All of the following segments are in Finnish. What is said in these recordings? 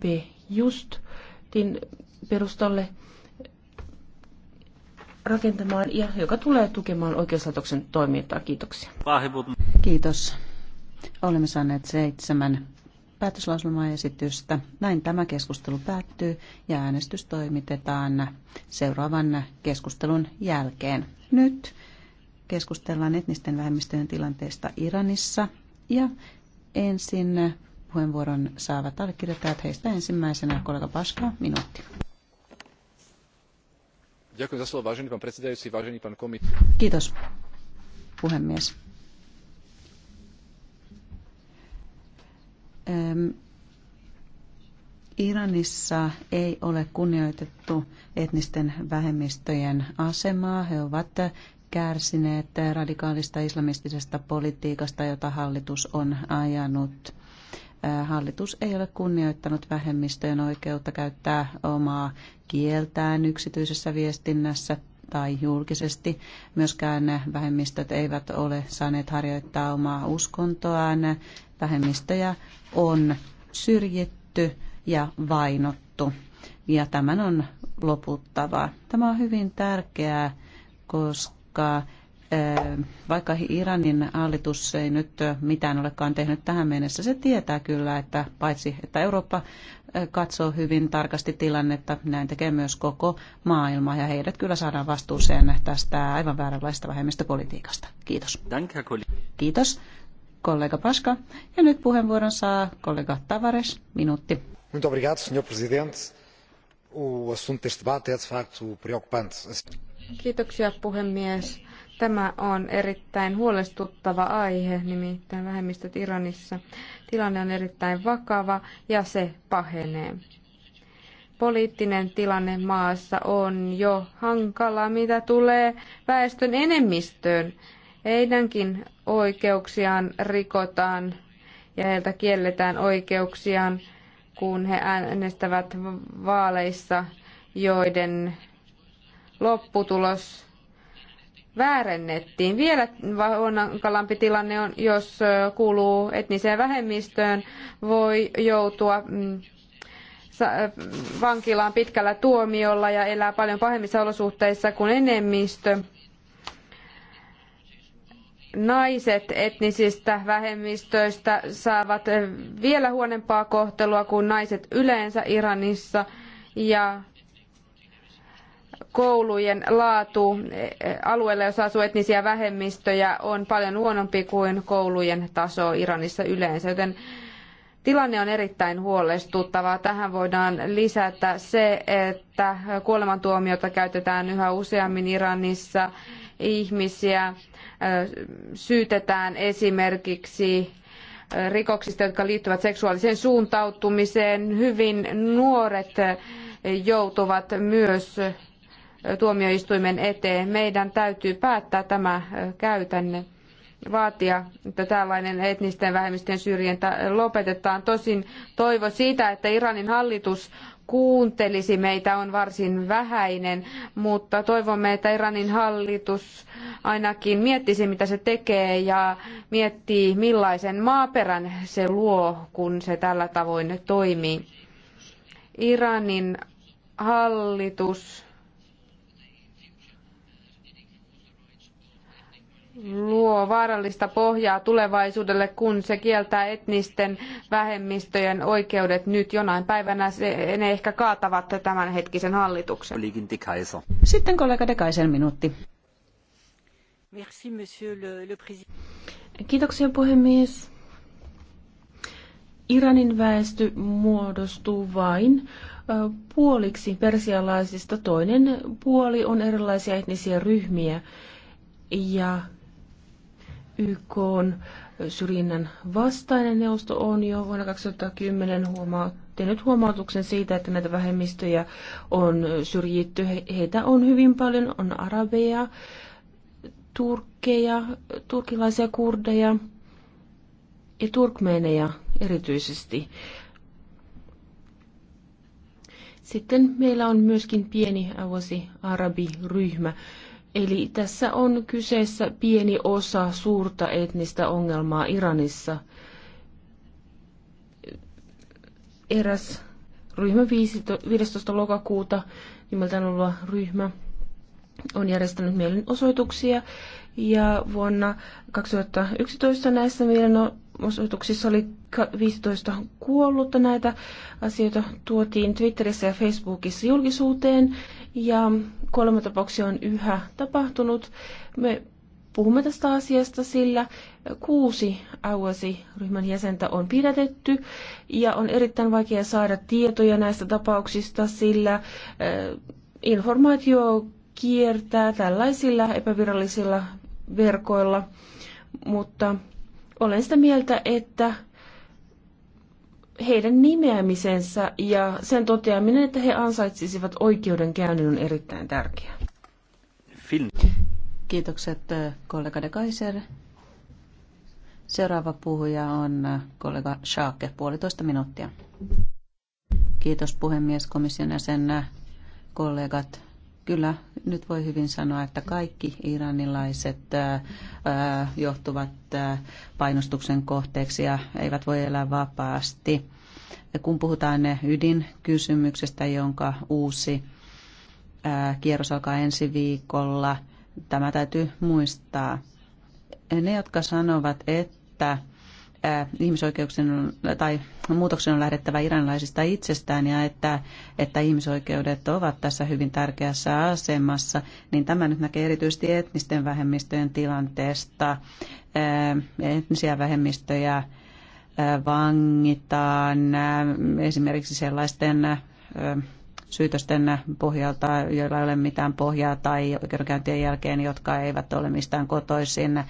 B din perustalle rakentamaan ja joka tulee tukemaan oikeuslaitoksen toimintaa. Kiitoksia. Kiitos. Olemme saaneet seitsemän päätöslauselmaesitystä. Näin tämä keskustelu päättyy ja äänestys toimitetaan seuraavan keskustelun jälkeen. Nyt keskustellaan etnisten vähemmistöjen tilanteesta Iranissa ja ensin puheenvuoron saavat allekirjoittajat. Heistä ensimmäisenä kollega Paska, minuutti. Kiitos, puhemies. Ähm, Iranissa ei ole kunnioitettu etnisten vähemmistöjen asemaa. He ovat kärsineet radikaalista islamistisesta politiikasta, jota hallitus on ajanut. Äh, hallitus ei ole kunnioittanut vähemmistöjen oikeutta käyttää omaa kieltään yksityisessä viestinnässä tai julkisesti. Myöskään vähemmistöt eivät ole saaneet harjoittaa omaa uskontoaan. Vähemmistöjä on syrjitty ja vainottu. Ja tämän on loputtava. Tämä on hyvin tärkeää, koska vaikka Iranin hallitus ei nyt mitään olekaan tehnyt tähän mennessä, se tietää kyllä, että paitsi että Eurooppa katsoo hyvin tarkasti tilannetta, näin tekee myös koko maailma ja heidät kyllä saadaan vastuuseen tästä aivan vääränlaista vähemmistöpolitiikasta. Kiitos. Kiitos kollega Paska. Ja nyt puheenvuoron saa kollega Tavares, minuutti. Muito obrigado, senhor presidente. O assunto deste debate é de facto preocupante. Kiitoksia puhemies Tämä on erittäin huolestuttava aihe, nimittäin vähemmistöt Iranissa. Tilanne on erittäin vakava ja se pahenee. Poliittinen tilanne maassa on jo hankala, mitä tulee väestön enemmistöön. Heidänkin oikeuksiaan rikotaan ja heiltä kielletään oikeuksiaan, kun he äänestävät vaaleissa, joiden lopputulos väärennettiin. Vielä hankalampi tilanne on, jos kuuluu etniseen vähemmistöön, voi joutua mm, vankilaan pitkällä tuomiolla ja elää paljon pahemmissa olosuhteissa kuin enemmistö. Naiset etnisistä vähemmistöistä saavat vielä huonompaa kohtelua kuin naiset yleensä Iranissa ja koulujen laatu alueella, jossa asuu etnisiä vähemmistöjä, on paljon huonompi kuin koulujen taso Iranissa yleensä. Joten tilanne on erittäin huolestuttava. Tähän voidaan lisätä se, että kuolemantuomiota käytetään yhä useammin Iranissa. Ihmisiä syytetään esimerkiksi rikoksista, jotka liittyvät seksuaaliseen suuntautumiseen. Hyvin nuoret joutuvat myös tuomioistuimen eteen. Meidän täytyy päättää tämä käytänne vaatia, että tällainen etnisten vähemmistöjen syrjintä lopetetaan. Tosin toivo siitä, että Iranin hallitus kuuntelisi meitä on varsin vähäinen, mutta toivomme, että Iranin hallitus ainakin miettisi, mitä se tekee ja miettii, millaisen maaperän se luo, kun se tällä tavoin toimii. Iranin hallitus luo vaarallista pohjaa tulevaisuudelle, kun se kieltää etnisten vähemmistöjen oikeudet nyt jonain päivänä. Se, ne ehkä kaatavat tämänhetkisen hallituksen. Sitten kollega minuutti. Merci, monsieur le, le Kiitoksia puhemies. Iranin väestö muodostuu vain puoliksi persialaisista. Toinen puoli on erilaisia etnisiä ryhmiä ja YK on syrjinnän vastainen neuvosto on jo vuonna 2010 huomaa, tehnyt huomautuksen siitä, että näitä vähemmistöjä on syrjitty. Heitä on hyvin paljon, on arabeja, turkkeja, turkilaisia kurdeja ja turkmeeneja erityisesti. Sitten meillä on myöskin pieni avosi arabiryhmä. ryhmä Eli tässä on kyseessä pieni osa suurta etnistä ongelmaa Iranissa. Eräs ryhmä 15. lokakuuta nimeltään ollut ryhmä on järjestänyt mielenosoituksia ja vuonna 2011 näissä mielenosoituksissa osoituksissa oli 15 kuollutta. Näitä asioita tuotiin Twitterissä ja Facebookissa julkisuuteen ja kolme tapauksia on yhä tapahtunut. Me puhumme tästä asiasta, sillä kuusi AUASI-ryhmän jäsentä on pidätetty ja on erittäin vaikea saada tietoja näistä tapauksista, sillä eh, informaatio kiertää tällaisilla epävirallisilla verkoilla, mutta olen sitä mieltä, että heidän nimeämisensä ja sen toteaminen, että he ansaitsisivat oikeudenkäynnin, on erittäin tärkeää. Film. Kiitokset äh, kollega de Kaiser. Seuraava puhuja on äh, kollega Schaake, puolitoista minuuttia. Kiitos puhemies, komission jäsen, äh, kollegat kyllä nyt voi hyvin sanoa, että kaikki iranilaiset äh, äh, johtuvat äh, painostuksen kohteeksi ja eivät voi elää vapaasti. Kun puhutaan ydinkysymyksestä, jonka uusi kierros alkaa ensi viikolla, tämä täytyy muistaa. Ne, jotka sanovat, että ihmisoikeuksien tai muutoksen on lähdettävä iranilaisista itsestään ja että, että ihmisoikeudet ovat tässä hyvin tärkeässä asemassa, niin tämä nyt näkee erityisesti etnisten vähemmistöjen tilanteesta. Etnisiä vähemmistöjä vangitaan esimerkiksi sellaisten syytösten pohjalta, joilla ei ole mitään pohjaa tai oikeudenkäyntien jälkeen, jotka eivät ole mistään kotoisin. Äh,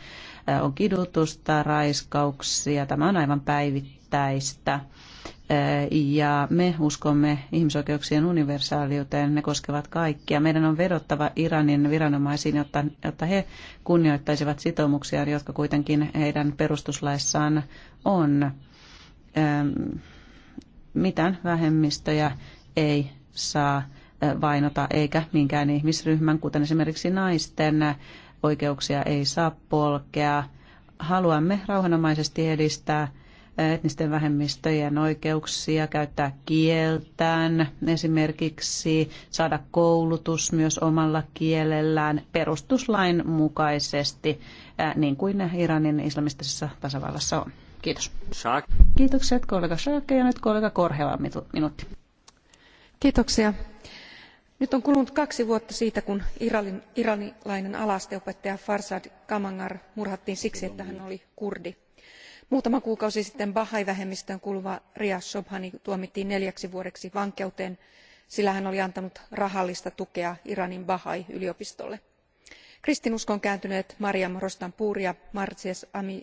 on kidutusta, raiskauksia, tämä on aivan päivittäistä. Äh, ja me uskomme ihmisoikeuksien universaaliuteen, ne koskevat kaikkia. Meidän on vedottava Iranin viranomaisiin, jotta, jotta he kunnioittaisivat sitoumuksia, jotka kuitenkin heidän perustuslaissaan on. Ähm, mitään vähemmistöjä ei saa vainota eikä minkään ihmisryhmän, kuten esimerkiksi naisten oikeuksia ei saa polkea. Haluamme rauhanomaisesti edistää etnisten vähemmistöjen oikeuksia, käyttää kieltään, esimerkiksi saada koulutus myös omalla kielellään perustuslain mukaisesti, niin kuin Iranin islamistisessa tasavallassa on. Kiitos. Kiitokset kollega Shaake ja nyt kollega Korhela minuutti arvoisa puhemies nyt on kulunut kaksi vuotta siitä kun iranilainen alaasteopettaja farzad kamangar murhattiin siksi että hän oli kurdi. muutama kuukausi sitten bahai vähemmistöön kuuluva riaz shobhani tuomittiin neljäksi vuodeksi vankeuteen sillä hän oli antanut rahallista tukea iranin bahai yliopistolle. kristinuskoon kääntyneet maryam rostanpour ja marzieh ahmadi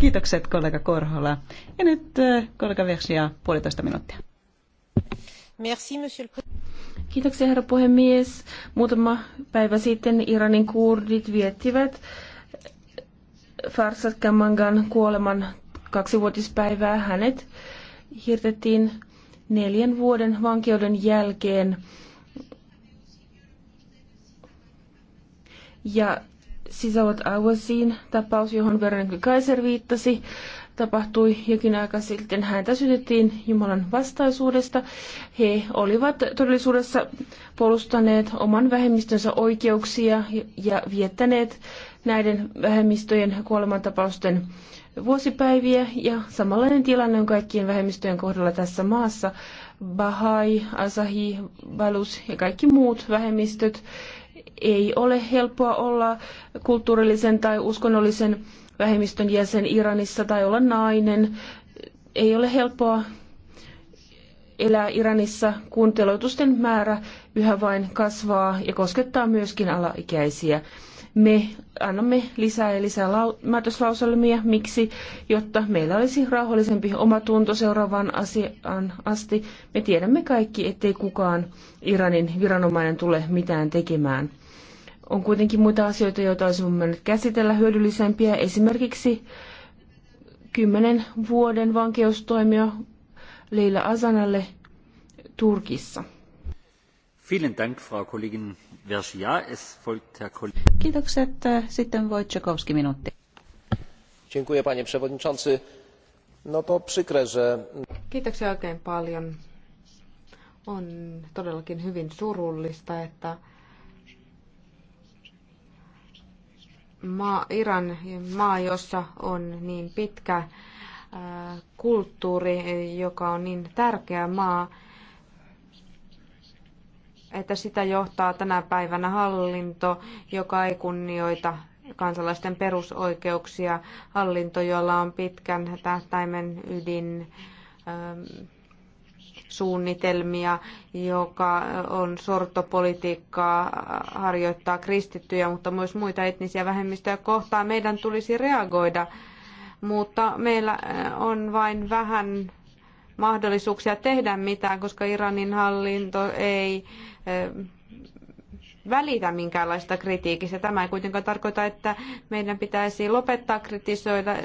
Kiitokset kollega Korhola. Ja nyt äh, kollega Versia, puolitoista minuuttia. Merci, monsieur le Kiitoksia, herra puhemies. Muutama päivä sitten Iranin kurdit viettivät Farsat Kamangan kuoleman kaksivuotispäivää. Hänet hirtettiin neljän vuoden vankeuden jälkeen. Ja sisävät aivoisiin. tapaus, johon Veronika Kaiser viittasi, tapahtui jokin aika sitten. Häntä syytettiin Jumalan vastaisuudesta. He olivat todellisuudessa puolustaneet oman vähemmistönsä oikeuksia ja viettäneet näiden vähemmistöjen kuolemantapausten vuosipäiviä ja samanlainen tilanne on kaikkien vähemmistöjen kohdalla tässä maassa. Bahai, Asahi, Balus ja kaikki muut vähemmistöt ei ole helppoa olla kulttuurillisen tai uskonnollisen vähemmistön jäsen Iranissa tai olla nainen. Ei ole helppoa elää Iranissa, kun teloitusten määrä yhä vain kasvaa ja koskettaa myöskin alaikäisiä. Me annamme lisää ja lisää lau- määtöslauselmia. Miksi? Jotta meillä olisi rauhallisempi omatunto seuraavaan asiaan asti. Me tiedämme kaikki, ettei kukaan Iranin viranomainen tule mitään tekemään. On kuitenkin muita asioita, joita olisi mennyt käsitellä hyödyllisempiä. Esimerkiksi kymmenen vuoden vankeustoimia. Leila Azanalle Turkissa. Kiitokset. Sitten Wojciechowski minuutti. Dziękuję panie przewodniczący. No to przykre, że... Kiitoksia oikein paljon. On todellakin hyvin surullista, että maa, Iran, maa, jossa on niin pitkä kulttuuri, joka on niin tärkeä maa, että sitä johtaa tänä päivänä hallinto, joka ei kunnioita kansalaisten perusoikeuksia, hallinto, jolla on pitkän tähtäimen ydin suunnitelmia, joka on sortopolitiikkaa, harjoittaa kristittyjä, mutta myös muita etnisiä vähemmistöjä kohtaan. Meidän tulisi reagoida mutta meillä äh, on vain vähän mahdollisuuksia tehdä mitään, koska Iranin hallinto ei äh, välitä minkäänlaista kritiikistä. Tämä ei kuitenkaan tarkoita, että meidän pitäisi lopettaa kritisoida,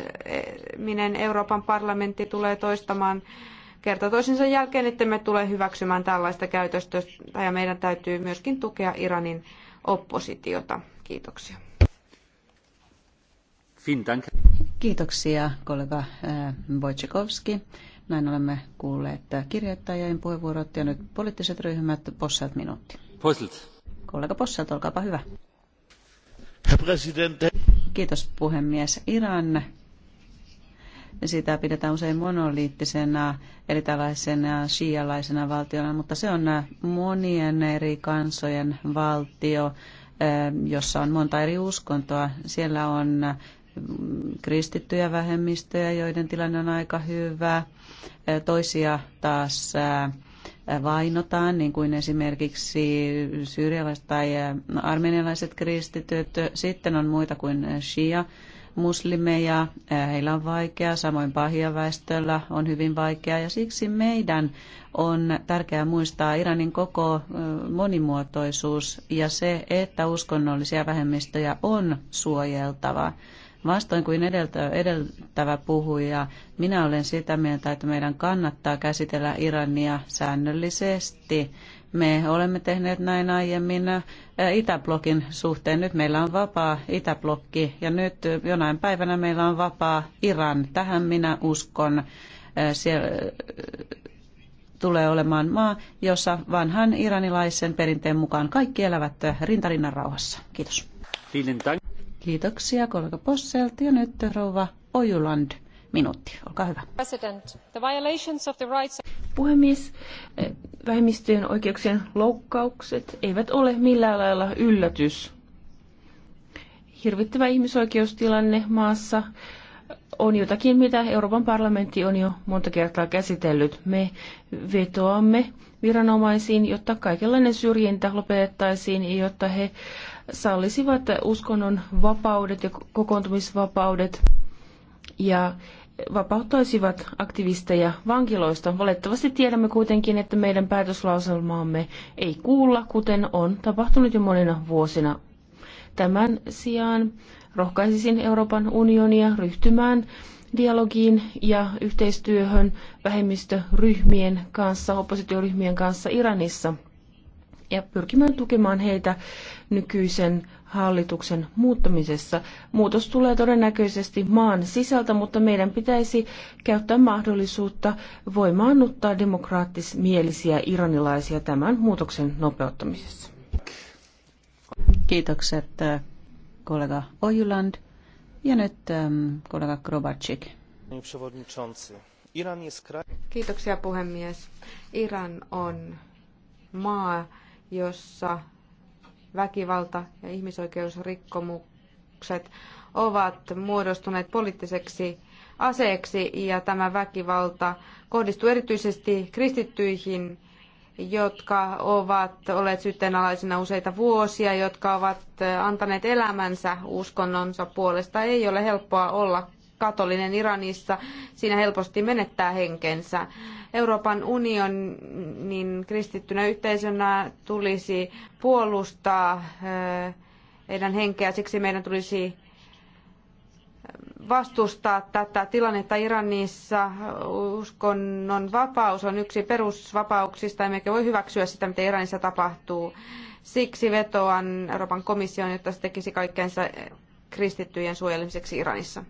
minen Euroopan parlamentti tulee toistamaan kerta toisensa jälkeen, että me tulee hyväksymään tällaista käytöstä ja meidän täytyy myöskin tukea Iranin oppositiota. Kiitoksia. Kiitoksia kollega äh, Wojciechowski. Näin olemme kuulleet kirjoittajien puheenvuorot ja nyt poliittiset ryhmät. Posselt minuutti. Posselt. Kollega Posselt, olkaapa hyvä. Kiitos puhemies. Iran sitä pidetään usein monoliittisena, eli tällaisena shialaisena valtiona, mutta se on monien eri kansojen valtio, äh, jossa on monta eri uskontoa. Siellä on kristittyjä vähemmistöjä, joiden tilanne on aika hyvä. Toisia taas vainotaan, niin kuin esimerkiksi syyrialaiset tai armenialaiset kristityt. Sitten on muita kuin shia muslimeja, heillä on vaikea, samoin pahia väestöllä on hyvin vaikea ja siksi meidän on tärkeää muistaa Iranin koko monimuotoisuus ja se, että uskonnollisia vähemmistöjä on suojeltava. Vastoin kuin edeltä, edeltävä puhuja, minä olen sitä mieltä, että meidän kannattaa käsitellä Irania säännöllisesti. Me olemme tehneet näin aiemmin eh, Itäblokin suhteen. Nyt meillä on vapaa Itäblokki ja nyt jonain päivänä meillä on vapaa Iran. Tähän minä uskon. Eh, Siellä tulee olemaan maa, jossa vanhan iranilaisen perinteen mukaan kaikki elävät eh, rintarinnan rauhassa. Kiitos. Kiitoksia kollega Posselt ja nyt rouva Ojuland. Minuutti, olkaa hyvä. Puhemies, eh, vähemmistöjen oikeuksien loukkaukset eivät ole millään lailla yllätys. Hirvittävä ihmisoikeustilanne maassa on jotakin, mitä Euroopan parlamentti on jo monta kertaa käsitellyt. Me vetoamme viranomaisiin, jotta kaikenlainen syrjintä lopetettaisiin ja jotta he sallisivat uskonnon vapaudet ja kokoontumisvapaudet ja vapauttaisivat aktivisteja vankiloista. Valitettavasti tiedämme kuitenkin, että meidän päätöslauselmaamme ei kuulla, kuten on tapahtunut jo monina vuosina. Tämän sijaan rohkaisisin Euroopan unionia ryhtymään dialogiin ja yhteistyöhön vähemmistöryhmien kanssa, oppositioryhmien kanssa Iranissa – ja pyrkimään tukemaan heitä nykyisen hallituksen muuttamisessa. Muutos tulee todennäköisesti maan sisältä, mutta meidän pitäisi käyttää mahdollisuutta voimaannuttaa demokraattismielisiä iranilaisia tämän muutoksen nopeuttamisessa. Kiitokset äh, kollega Ojuland ja nyt ähm, kollega Krobacik. Kiitoksia puhemies. Iran on maa, jossa väkivalta ja ihmisoikeusrikkomukset ovat muodostuneet poliittiseksi aseeksi ja tämä väkivalta kohdistuu erityisesti kristittyihin, jotka ovat olleet syytteenalaisina useita vuosia, jotka ovat antaneet elämänsä uskonnonsa puolesta. Ei ole helppoa olla katolinen Iranissa, siinä helposti menettää henkensä. Euroopan unionin kristittynä yhteisönä tulisi puolustaa eh, heidän henkeä, siksi meidän tulisi eh, vastustaa tätä tilannetta Iranissa. Uskonnon vapaus on yksi perusvapauksista, emmekä voi hyväksyä sitä, mitä Iranissa tapahtuu. Siksi vetoan Euroopan komissioon, jotta se tekisi kaikkensa eh, kristittyjen suojelemiseksi Iranissa.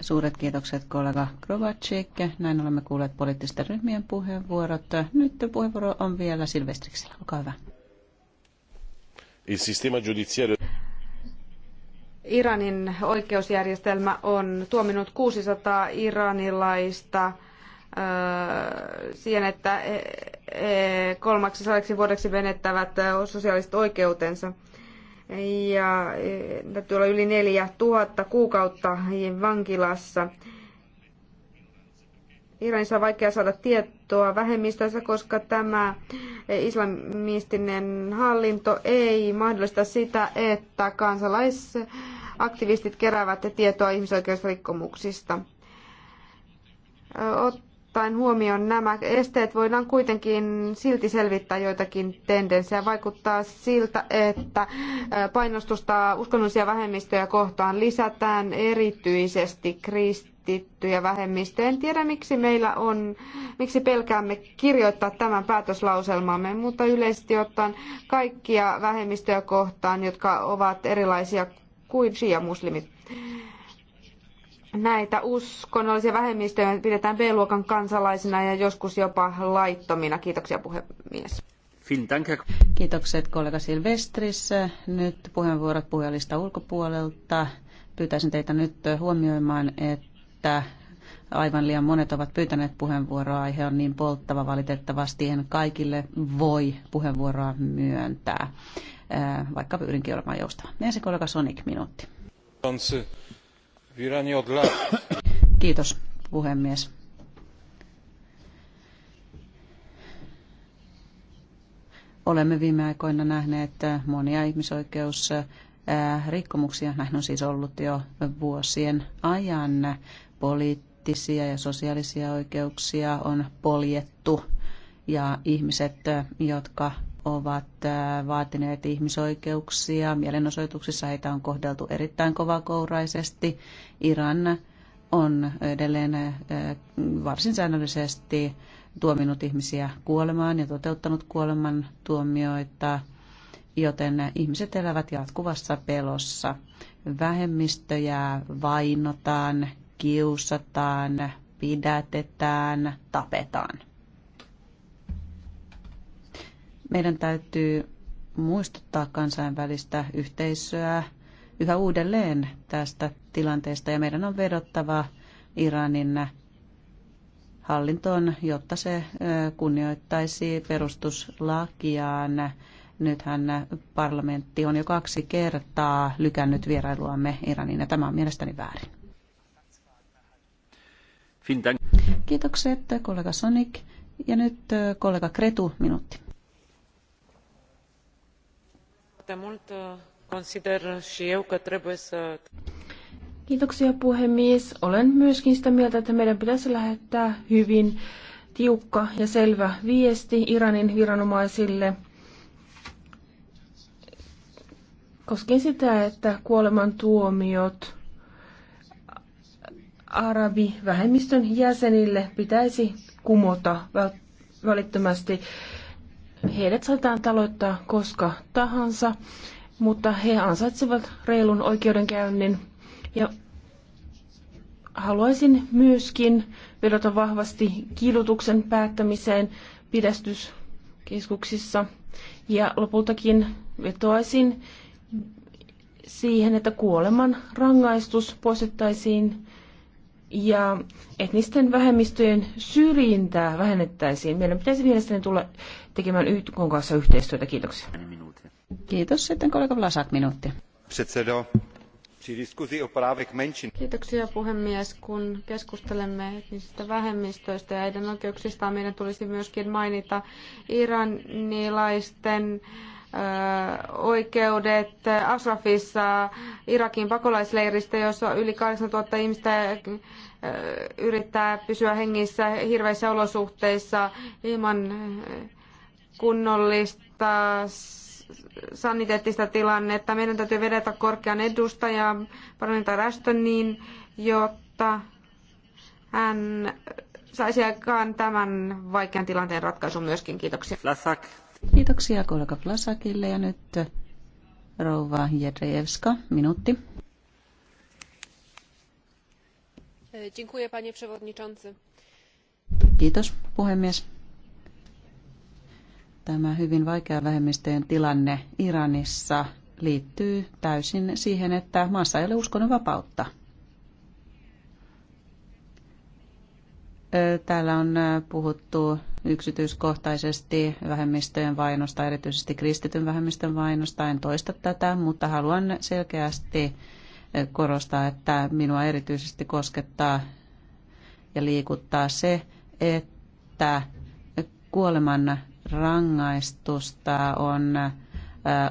Suuret kiitokset kollega Krovacik. Näin olemme kuulleet poliittisten ryhmien puheenvuorot. Nyt puheenvuoro on vielä Silvestriksellä. Olkaa hyvä. Iranin oikeusjärjestelmä on tuominut 600 iranilaista siihen, että e, e, kolmaksi vuodeksi menettävät sosiaaliset oikeutensa ja e, täytyy olla yli 4000 kuukautta vankilassa. Iranissa on vaikea saada tietoa vähemmistöstä, koska tämä islamistinen hallinto ei mahdollista sitä, että kansalaisaktivistit keräävät tietoa ihmisoikeusrikkomuksista ottaen huomioon nämä esteet voidaan kuitenkin silti selvittää joitakin tendenssejä. Vaikuttaa siltä, että painostusta uskonnollisia vähemmistöjä kohtaan lisätään erityisesti kristittyjä vähemmistöjä. En tiedä, miksi meillä on, miksi pelkäämme kirjoittaa tämän päätöslauselmaamme, mutta yleisesti ottaen kaikkia vähemmistöjä kohtaan, jotka ovat erilaisia kuin shia-muslimit näitä uskonnollisia vähemmistöjä pidetään B-luokan kansalaisina ja joskus jopa laittomina. Kiitoksia puhemies. Kiitokset kollega Silvestris. Nyt puheenvuorot puhujalista ulkopuolelta. Pyytäisin teitä nyt huomioimaan, että aivan liian monet ovat pyytäneet puheenvuoroa. Aihe on niin polttava valitettavasti. En kaikille voi puheenvuoroa myöntää, äh, vaikka pyrinkin olemaan joustava. Ensin kollega Sonic, minuutti. Kiitos, puhemies. Olemme viime aikoina nähneet monia ihmisoikeusrikkomuksia. Näin on siis ollut jo vuosien ajan. Poliittisia ja sosiaalisia oikeuksia on poljettu ja ihmiset, jotka ovat äh, vaatineet ihmisoikeuksia. Mielenosoituksissa heitä on kohdeltu erittäin kovakouraisesti. Iran on edelleen äh, varsin säännöllisesti tuominut ihmisiä kuolemaan ja toteuttanut kuoleman tuomioita, joten ihmiset elävät jatkuvassa pelossa. Vähemmistöjä vainotaan, kiusataan, pidätetään, tapetaan. Meidän täytyy muistuttaa kansainvälistä yhteisöä yhä uudelleen tästä tilanteesta ja meidän on vedottava Iranin hallintoon, jotta se kunnioittaisi perustuslakiaan. Nythän parlamentti on jo kaksi kertaa lykännyt vierailuamme Iraniin ja tämä on mielestäni väärin. Kiitokset kollega Sonik. Ja nyt kollega Kretu, minuutti. Uh, consider și eu că trebuie să... Kiitoksia puhemies. Olen myöskin sitä mieltä, että meidän pitäisi lähettää hyvin tiukka ja selvä viesti Iranin viranomaisille koskien sitä, että kuolemantuomiot arabivähemmistön jäsenille pitäisi kumota välittömästi. Heidät saatetaan taloittaa koska tahansa, mutta he ansaitsevat reilun oikeudenkäynnin. Ja haluaisin myöskin vedota vahvasti kidutuksen päättämiseen pidästyskeskuksissa. Ja lopultakin vetoaisin siihen, että kuoleman rangaistus poistettaisiin ja etnisten vähemmistöjen syrjintää vähennettäisiin. Meidän pitäisi mielestäni tulla tekemään YK kanssa yhteistyötä. Kiitoksia. Kiitos. Sitten kollega Vlasak minuutti. Kiitoksia puhemies. Kun keskustelemme etnisistä vähemmistöistä ja heidän oikeuksistaan, meidän tulisi myöskin mainita iranilaisten äh, oikeudet Ashrafissa, Irakin pakolaisleiristä, jossa yli 8000 ihmistä yrittää pysyä hengissä hirveissä olosuhteissa ilman kunnollista saniteettista tilannetta. Meidän täytyy vedetä korkean edustajan Paranita Rastoniin, jotta hän saisi aikaan tämän vaikean tilanteen ratkaisun myöskin. Kiitoksia. Kiitoksia kollega Plasakille ja nyt rouva Jedrzejewska, minuutti. Kiitos puhemies. Tämä hyvin vaikea vähemmistöjen tilanne Iranissa liittyy täysin siihen, että maassa ei ole uskonnonvapautta. Täällä on puhuttu yksityiskohtaisesti vähemmistöjen vainosta, erityisesti kristityn vähemmistön vainosta. En toista tätä, mutta haluan selkeästi korostaa, että minua erityisesti koskettaa ja liikuttaa se, että kuoleman rangaistusta on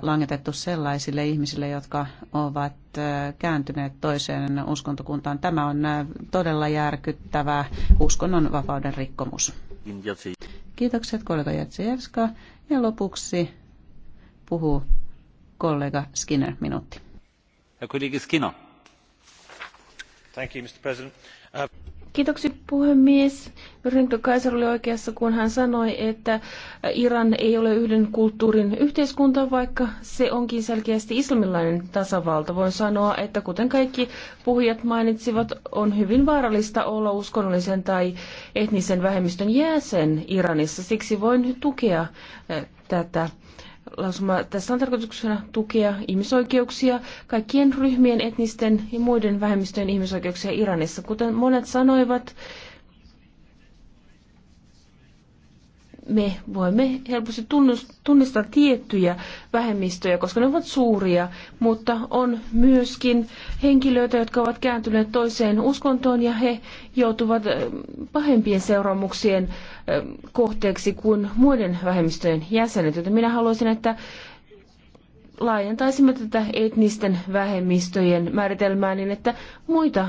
langetettu sellaisille ihmisille, jotka ovat kääntyneet toiseen uskontokuntaan. Tämä on todella järkyttävä uskonnon vapauden rikkomus. Kiitokset kollega Jatsievska. Ja lopuksi puhuu kollega Skinner minuutti. Herr Kollege Skinner. Thank you, Mr. President. Uh, Kiitoksia puhemies. Renka Kaiser oli oikeassa, kun hän sanoi, että Iran ei ole yhden kulttuurin yhteiskunta, vaikka se onkin selkeästi islamilainen tasavalta. Voin sanoa, että kuten kaikki puhujat mainitsivat, on hyvin vaarallista olla uskonnollisen tai etnisen vähemmistön jäsen Iranissa. Siksi voin tukea eh, tätä lausuma. Tässä on tarkoituksena tukea ihmisoikeuksia, kaikkien ryhmien, etnisten ja muiden vähemmistöjen ihmisoikeuksia Iranissa. Kuten monet sanoivat, me voimme helposti tunnistaa tiettyjä vähemmistöjä, koska ne ovat suuria, mutta on myöskin henkilöitä, jotka ovat kääntyneet toiseen uskontoon ja he joutuvat eh, pahempien seuraamuksien eh, kohteeksi kuin muiden vähemmistöjen jäsenet. Joten minä haluaisin, että laajentaisimme tätä etnisten vähemmistöjen määritelmää niin, että muita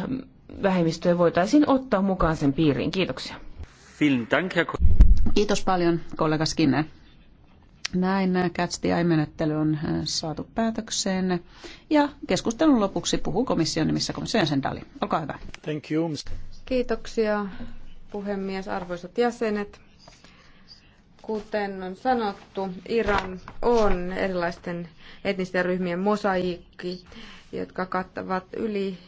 vähemmistöjä voitaisiin ottaa mukaan sen piiriin. Kiitoksia. Kiitos paljon, kollega Skinner. Näin äh, Catch the menettely on äh, saatu päätökseen. Ja keskustelun lopuksi puhuu komission nimissä komission jäsen Dali. Olkaa hyvä. Thank you. Kiitoksia puhemies, arvoisat jäsenet. Kuten on sanottu, Iran on erilaisten etnisten ryhmien mosaiikki jotka kattavat yli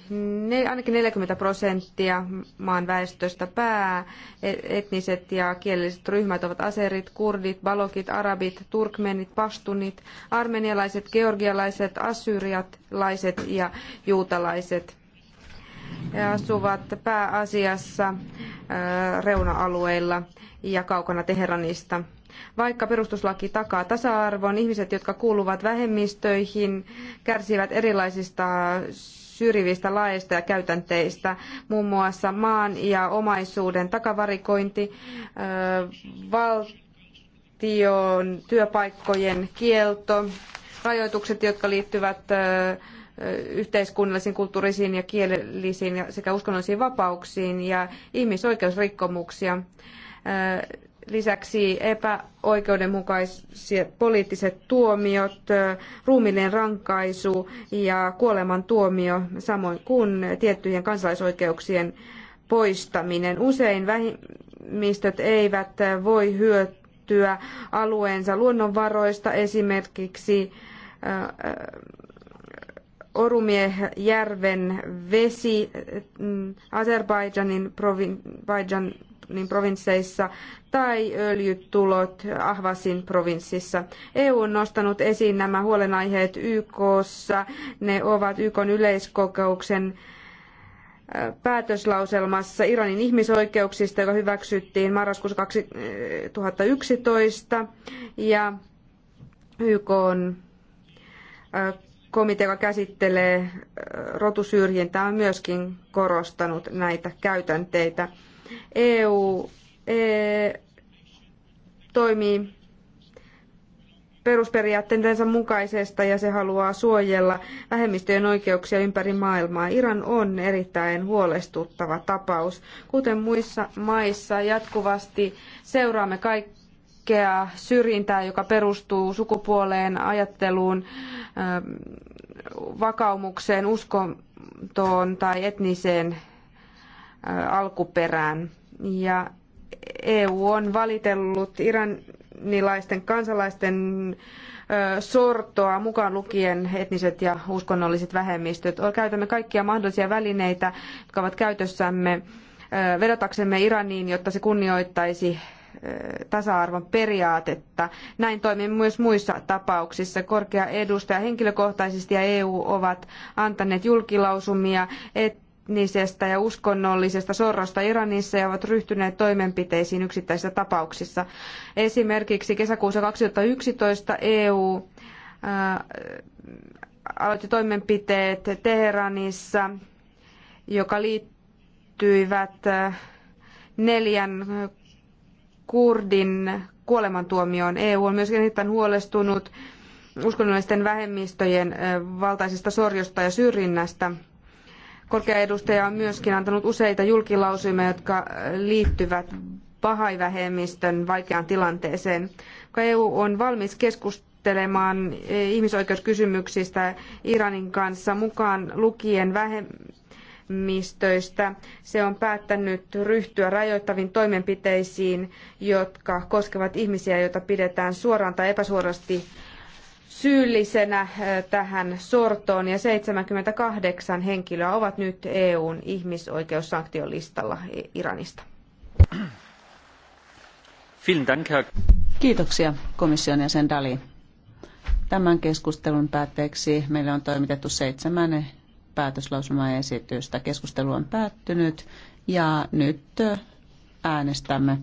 ne, ainakin 40 prosenttia maan väestöstä pää, e-, etniset ja kielelliset ryhmät ovat aserit, kurdit, balokit, arabit, turkmenit, pastunit, armenialaiset, georgialaiset, assyrialaiset ja juutalaiset. He asuvat pääasiassa reuna-alueilla ja kaukana Teheranista. Vaikka perustuslaki takaa tasa-arvon, ihmiset, jotka kuuluvat vähemmistöihin, kärsivät erilaisista syrjivistä laeista ja käytänteistä, muun muassa maan ja omaisuuden takavarikointi, valtion työpaikkojen kielto, rajoitukset, jotka liittyvät yhteiskunnallisiin, kulttuurisiin ja kielellisiin sekä uskonnollisiin vapauksiin ja ihmisoikeusrikkomuksia lisäksi epäoikeudenmukaiset poliittiset tuomiot, ruumillinen rankaisu ja kuolemantuomio, samoin kuin tiettyjen kansalaisoikeuksien poistaminen. Usein vähemmistöt eivät voi hyötyä alueensa luonnonvaroista, esimerkiksi äh, äh, Orumiehjärven vesi mm, Azerbaidžanin Provin, provinsseissa tai öljytulot Ahvasin provinssissa. EU on nostanut esiin nämä huolenaiheet YKssa. Ne ovat YKn yleiskokouksen päätöslauselmassa Iranin ihmisoikeuksista, joka hyväksyttiin marraskuussa 2011, ja YK on komitea, joka käsittelee rotusyrjintää, on myöskin korostanut näitä käytänteitä. EU e, toimii perusperiaatteensa mukaisesta ja se haluaa suojella vähemmistöjen oikeuksia ympäri maailmaa. Iran on erittäin huolestuttava tapaus. Kuten muissa maissa jatkuvasti seuraamme kaikkea syrjintää, joka perustuu sukupuoleen, ajatteluun, vakaumukseen, uskontoon tai etniseen alkuperään. Ja EU on valitellut iranilaisten kansalaisten sortoa, mukaan lukien etniset ja uskonnolliset vähemmistöt. Käytämme kaikkia mahdollisia välineitä, jotka ovat käytössämme, vedotaksemme Iraniin, jotta se kunnioittaisi tasa-arvon periaatetta. Näin toimii myös muissa tapauksissa. Korkea edustaja henkilökohtaisesti ja EU ovat antaneet julkilausumia, etnisestä ja uskonnollisesta sorrosta Iranissa ja ovat ryhtyneet toimenpiteisiin yksittäisissä tapauksissa. Esimerkiksi kesäkuussa 2011 EU ää, aloitti toimenpiteet Teheranissa, joka liittyivät äh, neljän kurdin kuolemantuomioon. EU on myös erittäin huolestunut uskonnollisten vähemmistöjen valtaisesta sorjosta ja syrjinnästä. Korkea edustaja on myöskin antanut useita julkilausumia, jotka liittyvät pahaivähemmistön vaikeaan tilanteeseen. EU on valmis keskustelemaan ihmisoikeuskysymyksistä Iranin kanssa mukaan lukien vähem- vähemmistöistä. Se on päättänyt ryhtyä rajoittaviin toimenpiteisiin, jotka koskevat ihmisiä, joita pidetään suoraan tai epäsuorasti syyllisenä äh, tähän sortoon ja 78 henkilöä ovat nyt EUn ihmisoikeussanktiolistalla Iranista. Kiitoksia komission jäsen Dali. Tämän keskustelun päätteeksi meille on toimitettu seitsemän päätöslausumaesitystä. Keskustelu on päättynyt ja nyt äänestämme.